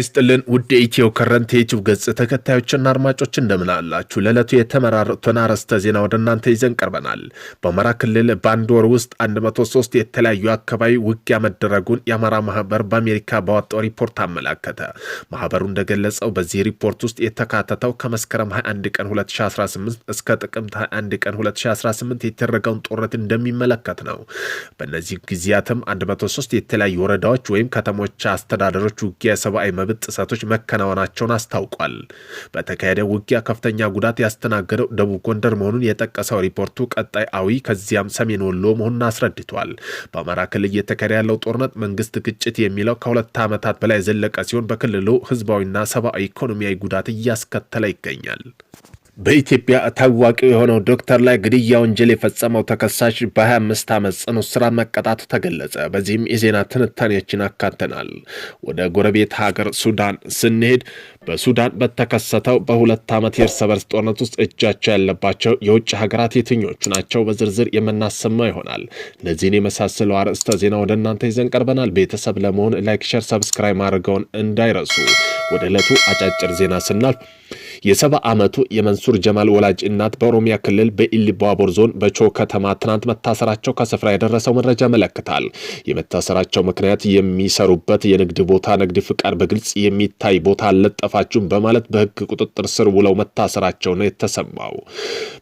ይስጥልን ውድ የኢትዮ ከረንት የዩቲዩብ ገጽ ተከታዮችና አድማጮች እንደምን አላችሁ? ለዕለቱ የተመራርቶን አርዕስተ ዜና ወደ እናንተ ይዘን ቀርበናል። በአማራ ክልል በአንድ ወር ውስጥ 103 የተለያዩ አካባቢ ውጊያ መደረጉን የአማራ ማህበር በአሜሪካ ባወጣው ሪፖርት አመላከተ። ማህበሩ እንደገለጸው በዚህ ሪፖርት ውስጥ የተካተተው ከመስከረም 21 ቀን 2018 እስከ ጥቅምት 21 ቀን 2018 የተደረገውን ጦርነት እንደሚመለከት ነው። በእነዚህ ጊዜያትም 103 የተለያዩ ወረዳዎች ወይም ከተሞች አስተዳደሮች ውጊያ የሰብአዊ መብት የመብት ጥሰቶች መከናወናቸውን አስታውቋል። በተካሄደ ውጊያ ከፍተኛ ጉዳት ያስተናገደው ደቡብ ጎንደር መሆኑን የጠቀሰው ሪፖርቱ ቀጣይ አዊ ከዚያም ሰሜን ወሎ መሆኑን አስረድቷል። በአማራ ክልል እየተካሄደ ያለው ጦርነት መንግስት ግጭት የሚለው ከሁለት ዓመታት በላይ ዘለቀ ሲሆን በክልሉ ህዝባዊና ሰብአዊ ኢኮኖሚያዊ ጉዳት እያስከተለ ይገኛል። በኢትዮጵያ ታዋቂ የሆነው ዶክተር ላይ ግድያ ወንጀል የፈጸመው ተከሳሽ በ25 ዓመት ጽኑ እስራት መቀጣቱ ተገለጸ። በዚህም የዜና ትንታኔያችን አካተናል። ወደ ጎረቤት ሀገር ሱዳን ስንሄድ በሱዳን በተከሰተው በሁለት ዓመት የእርስ በርስ ጦርነት ውስጥ እጃቸው ያለባቸው የውጭ ሀገራት የትኞቹ ናቸው? በዝርዝር የምናሰማ ይሆናል። እነዚህን የመሳሰለው አርዕስተ ዜና ወደ እናንተ ይዘን ቀርበናል። ቤተሰብ ለመሆን ላይክ፣ ሸር፣ ሰብስክራይብ ማድረገውን እንዳይረሱ ወደ ዕለቱ አጫጭር ዜና ስናልፍ የሰባ ዓመቱ የመንሱር ጀማል ወላጅ እናት በኦሮሚያ ክልል በኢሊባቦር ዞን በቾ ከተማ ትናንት መታሰራቸው ከስፍራ የደረሰው መረጃ ያመለክታል። የመታሰራቸው ምክንያት የሚሰሩበት የንግድ ቦታ ንግድ ፍቃድ በግልጽ የሚታይ ቦታ አልለጠፋችሁም በማለት በህግ ቁጥጥር ስር ውለው መታሰራቸው ነው የተሰማው።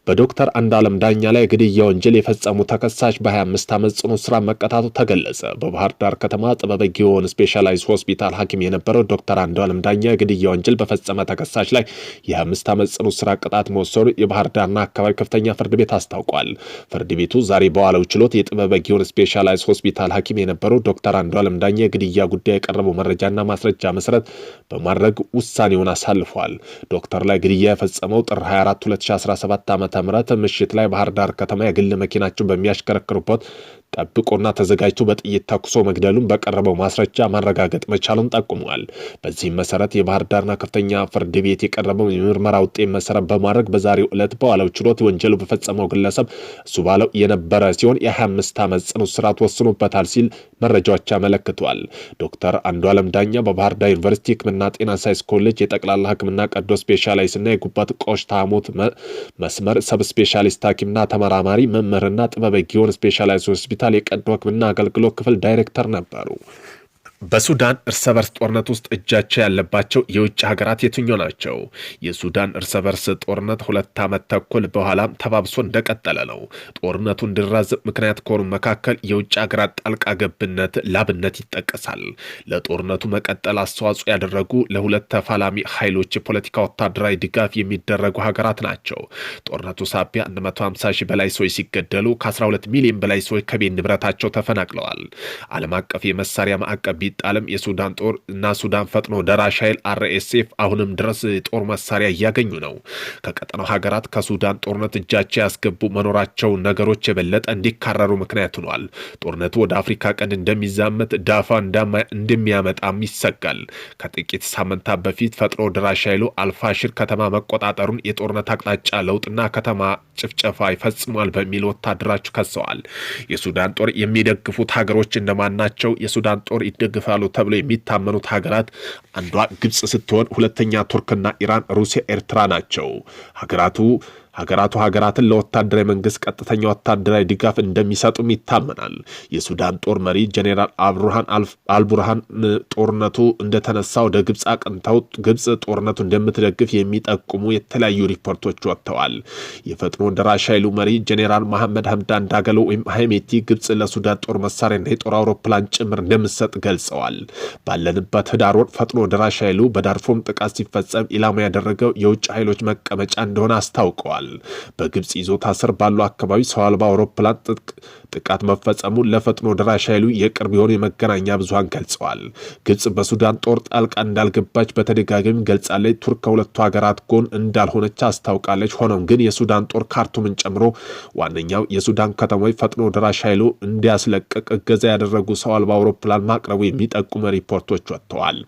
በዶክተር አንዳለም ዳኛ ላይ ግድያ ወንጀል የፈጸሙ ተከሳሽ በ25 ዓመት ጽኑ ስራ መቀጣቱ ተገለጸ። በባህር ዳር ከተማ ጥበበ ጊዮን ስፔሻላይዝ ሆስፒታል ሐኪም የነበረው ዶክተር አንዳለም ዳኛ መደበኛ የግድያ ወንጀል በፈጸመ ተከሳሽ ላይ የአምስት ዓመት ጽኑ እስራት ቅጣት መወሰኑ የባህር ዳርና አካባቢ ከፍተኛ ፍርድ ቤት አስታውቋል። ፍርድ ቤቱ ዛሬ በዋለው ችሎት የጥበበ ጊዮን ስፔሻላይዝ ሆስፒታል ሐኪም የነበረው ዶክተር አንዱዓለም ዳኘ የግድያ ጉዳይ የቀረበው መረጃና ማስረጃ መሰረት በማድረግ ውሳኔውን አሳልፏል። ዶክተር ላይ ግድያ የፈጸመው ጥር 24 2017 ዓ ም ምሽት ላይ ባህር ዳር ከተማ የግል መኪናቸው በሚያሽከረክሩበት ጠብቆና ተዘጋጅቶ በጥይት ተኩሶ መግደሉን በቀረበው ማስረጃ ማረጋገጥ መቻሉን ጠቁመዋል። በዚህም መሰረት የባህር ዳርና ከፍተኛ ፍርድ ቤት የቀረበው የምርመራ ውጤት መሰረት በማድረግ በዛሬው ዕለት በዋለው ችሎት ወንጀሉ በፈጸመው ግለሰብ እሱ ባለው የነበረ ሲሆን የ25 ዓመት ጽኑ እስራት ወስኖበታል ሲል መረጃዎች አመለክቷል። ዶክተር አንዱ አለም ዳኛ በባህር ዳር ዩኒቨርሲቲ ህክምና ጤና ሳይንስ ኮሌጅ የጠቅላላ ህክምና ቀዶ ስፔሻላይስትና የጉበት ቆሽት ሐሞት መስመር ሰብ ስፔሻሊስት ሐኪምና ተመራማሪ መምህርና ጥበበ ጊዮን ስፔሻላይዝ ሆስፒታል የቀዶ ህክምና አገልግሎት ክፍል ዳይሬክተር ነበሩ። በሱዳን እርሰ በርስ ጦርነት ውስጥ እጃቸው ያለባቸው የውጭ ሀገራት የትኞ ናቸው? የሱዳን እርሰ በርስ ጦርነት ሁለት ዓመት ተኩል በኋላም ተባብሶ እንደቀጠለ ነው። ጦርነቱ እንዲራዘም ምክንያት ከሆኑ መካከል የውጭ ሀገራት ጣልቃ ገብነት ላብነት ይጠቀሳል። ለጦርነቱ መቀጠል አስተዋጽኦ ያደረጉ ለሁለት ተፋላሚ ኃይሎች የፖለቲካ ወታደራዊ ድጋፍ የሚደረጉ ሀገራት ናቸው። ጦርነቱ ሳቢያ 150 ሺህ በላይ ሰዎች ሲገደሉ ከ12 ሚሊዮን በላይ ሰዎች ከቤት ንብረታቸው ተፈናቅለዋል። ዓለም አቀፍ የመሳሪያ ማዕቀብ ቢጣልም የሱዳን ጦር እና ሱዳን ፈጥኖ ደራሽ ኃይል አርኤስኤፍ አሁንም ድረስ ጦር መሳሪያ እያገኙ ነው። ከቀጠናው ሀገራት ከሱዳን ጦርነት እጃቸው ያስገቡ መኖራቸው ነገሮች የበለጠ እንዲካረሩ ምክንያት ሆኗል። ጦርነቱ ወደ አፍሪካ ቀንድ እንደሚዛመት ዳፋ እንደሚያመጣም ይሰጋል። ከጥቂት ሳምንታት በፊት ፈጥኖ ደራሽ ኃይሉ አልፋሽር ከተማ መቆጣጠሩን የጦርነት አቅጣጫ ለውጥና ከተማ ጭፍጨፋ ይፈጽሟል በሚል ወታደራቸው ከሰዋል። የሱዳን ጦር የሚደግፉት ሀገሮች እንደማናቸው የሱዳን ጦር ይደግ ይደግፋሉ ተብሎ የሚታመኑት ሀገራት አንዷ ግብፅ ስትሆን ሁለተኛ ቱርክና ኢራን፣ ሩሲያ፣ ኤርትራ ናቸው። ሀገራቱ ሀገራቱ ሀገራትን ለወታደራዊ መንግስት ቀጥተኛ ወታደራዊ ድጋፍ እንደሚሰጡም ይታመናል። የሱዳን ጦር መሪ ጄኔራል አብሩሃን አልቡርሃን ጦርነቱ እንደተነሳ ወደ ግብፅ አቅንተው ግብፅ ጦርነቱ እንደምትደግፍ የሚጠቁሙ የተለያዩ ሪፖርቶች ወጥተዋል። የፈጥኖ ደራሽ ኃይሉ መሪ ጄኔራል መሐመድ ሀምዳን ዳገሎ ወይም ሀይሜቲ ግብፅ ለሱዳን ጦር መሳሪያና የጦር አውሮፕላን ጭምር እንደምትሰጥ ገልጸዋል። ባለንበት ህዳር ወር ፈጥኖ ደራሽ ኃይሉ በዳርፎም ጥቃት ሲፈጸም ኢላማ ያደረገው የውጭ ኃይሎች መቀመጫ እንደሆነ አስታውቀዋል። በግብፅ ይዞታ ስር ባለው አካባቢ ሰው አልባ አውሮፕላን ጥቃት መፈጸሙን ለፈጥኖ ደራሽ ኃይሉ የቅርብ የሆኑ የመገናኛ ብዙሀን ገልጸዋል። ግብፅ በሱዳን ጦር ጣልቃ እንዳልገባች በተደጋጋሚ ገልጻለች። ቱርክ ከሁለቱ ሀገራት ጎን እንዳልሆነች አስታውቃለች። ሆኖም ግን የሱዳን ጦር ካርቱምን ጨምሮ ዋነኛው የሱዳን ከተማዊ ፈጥኖ ደራሽ ኃይሉ እንዲያስለቅቅ እገዛ ያደረጉ ሰው አልባ አውሮፕላን ማቅረቡ የሚጠቁመ ሪፖርቶች ወጥተዋል።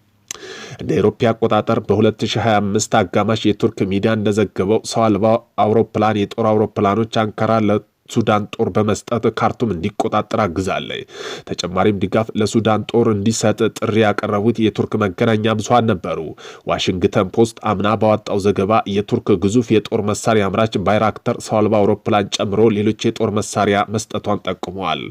እንደ አውሮፓ አቆጣጠር በ2025 አጋማሽ የቱርክ ሚዲያ እንደዘገበው ሰው አልባ አውሮፕላን የጦር አውሮፕላኖች አንካራ ሱዳን ጦር በመስጠት ካርቱም እንዲቆጣጠር አግዛለች። ተጨማሪም ድጋፍ ለሱዳን ጦር እንዲሰጥ ጥሪ ያቀረቡት የቱርክ መገናኛ ብዙሃን ነበሩ። ዋሽንግተን ፖስት አምና ባወጣው ዘገባ የቱርክ ግዙፍ የጦር መሳሪያ አምራች ባይራክተር ሰው አልባ አውሮፕላን ጨምሮ ሌሎች የጦር መሳሪያ መስጠቷን ጠቁመዋል።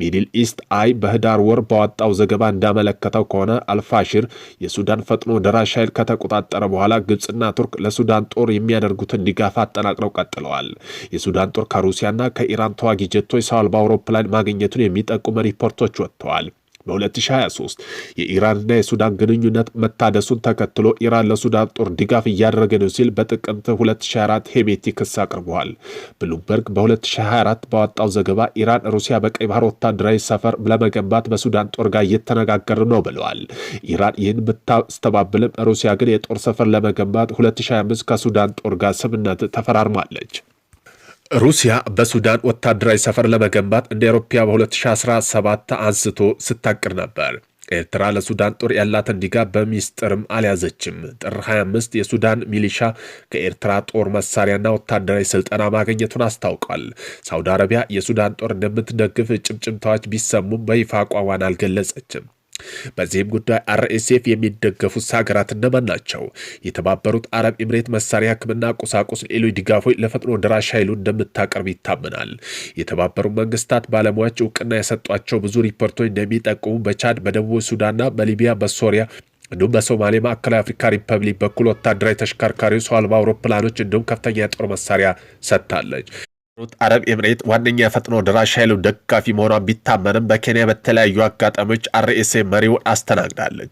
ሚድል ኢስት አይ በህዳር ወር ባወጣው ዘገባ እንዳመለከተው ከሆነ አልፋሽር የሱዳን ፈጥኖ ደራሽ ኃይል ከተቆጣጠረ በኋላ ግብፅና ቱርክ ለሱዳን ጦር የሚያደርጉትን ድጋፍ አጠናቅረው ቀጥለዋል። የሱዳን ጦር ከሩሲያና ከኢራን ተዋጊ ጀቶች ሰው አልባ አውሮፕላን ማግኘቱን የሚጠቁም ሪፖርቶች ወጥተዋል። በ2023 የኢራንና የሱዳን ግንኙነት መታደሱን ተከትሎ ኢራን ለሱዳን ጦር ድጋፍ እያደረገ ነው ሲል በጥቅምት 2024 ሄቤቲ ክስ አቅርበዋል። ብሉምበርግ በ2024 ባወጣው ዘገባ ኢራን ሩሲያ በቀይ ባህር ወታደራዊ ሰፈር ለመገንባት በሱዳን ጦር ጋር እየተነጋገር ነው ብለዋል። ኢራን ይህን ብታስተባብልም ሩሲያ ግን የጦር ሰፈር ለመገንባት 2025 ከሱዳን ጦር ጋር ስምነት ተፈራርማለች። ሩሲያ በሱዳን ወታደራዊ ሰፈር ለመገንባት እንደ አውሮፓ በ2017 አንስቶ ስታቅድ ነበር። ኤርትራ ለሱዳን ጦር ያላትን ድጋፍ በሚስጥርም አልያዘችም። ጥር 25 የሱዳን ሚሊሻ ከኤርትራ ጦር መሳሪያና ወታደራዊ ስልጠና ማግኘቱን አስታውቋል። ሳውዲ አረቢያ የሱዳን ጦር እንደምትደግፍ ጭምጭምታዎች ቢሰሙም በይፋ አቋሟን አልገለጸችም። በዚህም ጉዳይ አርኤስኤፍ የሚደገፉት ሀገራት እነማን ናቸው? የተባበሩት አረብ ኤምሬት መሳሪያ፣ ሕክምና ቁሳቁስ፣ ሌሎች ድጋፎች ለፈጥኖ ደራሽ ኃይሉ እንደምታቀርብ ይታመናል። የተባበሩት መንግስታት ባለሙያዎች እውቅና የሰጧቸው ብዙ ሪፖርቶች እንደሚጠቁሙ በቻድ በደቡብ ሱዳንና በሊቢያ በሶሪያ እንዲሁም በሶማሌ ማዕከላዊ አፍሪካ ሪፐብሊክ በኩል ወታደራዊ ተሽከርካሪ፣ ሰው አልባ አውሮፕላኖች እንዲሁም ከፍተኛ የጦር መሳሪያ ሰጥታለች። አረብ ኤምሬት ዋነኛ የፈጥኖ ደራሽ ኃይሉ ደጋፊ መሆኗን ቢታመንም በኬንያ በተለያዩ አጋጣሚዎች አርኤስኤ መሪውን አስተናግዳለች።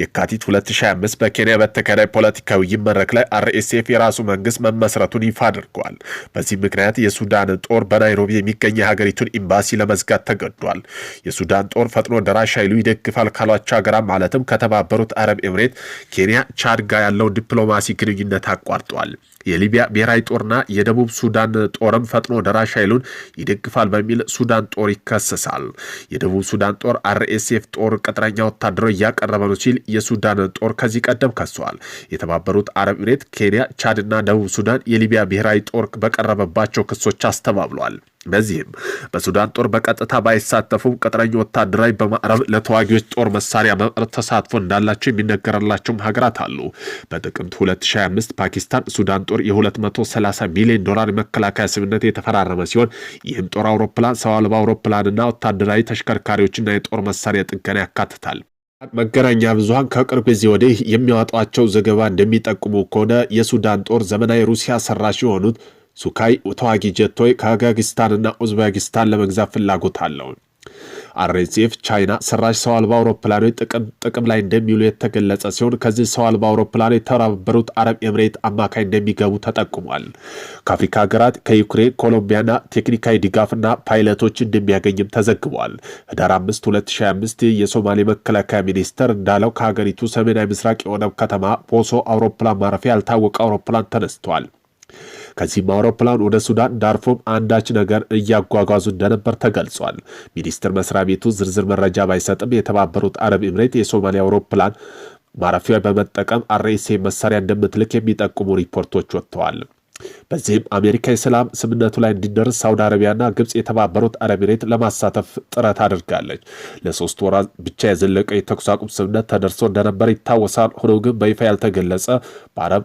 የካቲት 2025 በኬንያ በተካሄደ ፖለቲካዊ ውይይት መድረክ ላይ አርኤስኤፍ የራሱ መንግስት መመስረቱን ይፋ አድርጓል። በዚህ ምክንያት የሱዳን ጦር በናይሮቢ የሚገኝ የሀገሪቱን ኤምባሲ ለመዝጋት ተገዷል። የሱዳን ጦር ፈጥኖ ደራሽ ኃይሉ ይደግፋል ካሏቸው ሀገራ ማለትም ከተባበሩት አረብ ኤምሬት፣ ኬንያ፣ ቻድ ጋር ያለው ዲፕሎማሲ ግንኙነት አቋርጧል። የሊቢያ ብሔራዊ ጦርና የደቡብ ሱዳን ጦርም ፈጥኖ ደራሽ ኃይሉን ይደግፋል በሚል ሱዳን ጦር ይከሰሳል። የደቡብ ሱዳን ጦር አርኤስኤፍ ጦር ቅጥረኛ ወታደሮች እያቀረበ ነው ሲል የሱዳን ጦር ከዚህ ቀደም ከሷል። የተባበሩት አረብ ኤምሬት፣ ኬንያ፣ ቻድና ደቡብ ሱዳን የሊቢያ ብሔራዊ ጦር በቀረበባቸው ክሶች አስተባብሏል። በዚህም በሱዳን ጦር በቀጥታ ባይሳተፉም ቅጥረኛ ወታደራዊ በማዕረብ ለተዋጊዎች ጦር መሳሪያ መቅረት ተሳትፎ እንዳላቸው የሚነገርላቸውም ሀገራት አሉ። በጥቅምት 2025 ፓኪስታን ሱዳን ጦር የ230 ሚሊዮን ዶላር የመከላከያ ስምምነት የተፈራረመ ሲሆን ይህም ጦር አውሮፕላን፣ ሰው አልባ አውሮፕላንና ወታደራዊ ተሽከርካሪዎችና የጦር መሳሪያ ጥገና ያካትታል። መገናኛ ብዙኃን ከቅርብ ጊዜ ወዲህ የሚያወጧቸው ዘገባ እንደሚጠቁሙ ከሆነ የሱዳን ጦር ዘመናዊ ሩሲያ ሰራሽ የሆኑት ሱካይ ተዋጊ ጀቶች ከካዛኪስታንና ኡዝቤኪስታን ለመግዛት ፍላጎት አለው። አርኤስኤፍ ቻይና ሰራሽ ሰው አልባ አውሮፕላኖች ጥቅም ላይ እንደሚውሉ የተገለጸ ሲሆን ከዚህ ሰው አልባ አውሮፕላኖች የተባበሩት አረብ ኤምሬት አማካይ እንደሚገቡ ተጠቁሟል። ከአፍሪካ ሀገራት ከዩክሬን፣ ኮሎምቢያና ቴክኒካዊ ድጋፍና ፓይለቶች እንደሚያገኝም ተዘግቧል። ህዳር 5 2025 የሶማሌ መከላከያ ሚኒስተር እንዳለው ከሀገሪቱ ሰሜናዊ ምስራቅ የሆነ ከተማ ፖሶ አውሮፕላን ማረፊያ ያልታወቀ አውሮፕላን ተነስቷል። ከዚህም አውሮፕላን ወደ ሱዳን ዳርፎም አንዳች ነገር እያጓጓዙ እንደነበር ተገልጿል። ሚኒስቴር መስሪያ ቤቱ ዝርዝር መረጃ ባይሰጥም የተባበሩት አረብ ኤምሬት የሶማሊያ አውሮፕላን ማረፊያ በመጠቀም አርኤስኤ መሳሪያ እንደምትልክ የሚጠቁሙ ሪፖርቶች ወጥተዋል። በዚህም አሜሪካ የሰላም ስምነቱ ላይ እንዲደርስ ሳውዲ አረቢያና ግብፅ የተባበሩት አረብ ኤሚሬት ለማሳተፍ ጥረት አድርጋለች። ለሶስት ወራ ብቻ የዘለቀ የተኩስ አቁም ስምነት ተደርሶ እንደነበረ ይታወሳል። ሆኖ ግን በይፋ ያልተገለጸ በአረብ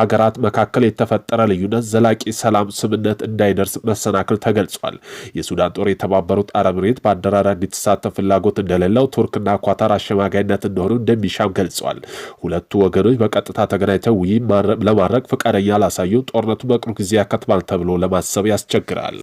ሀገራት መካከል የተፈጠረ ልዩነት ዘላቂ ሰላም ስምነት እንዳይደርስ መሰናክል ተገልጿል። የሱዳን ጦር የተባበሩት አረብ ኤሚሬት በአደራዳሪ እንዲተሳተፍ ፍላጎት እንደሌለው፣ ቱርክና ኳታር አሸማጋይነት እንደሆኑ እንደሚሻም ገልጿል። ሁለቱ ወገኖች በቀጥታ ተገናኝተው ውይይት ለማድረግ ፈቃደኛ አላሳዩ ጦር መሰረቱ በቅርብ ጊዜ ያከትማል ተብሎ ለማሰብ ያስቸግራል።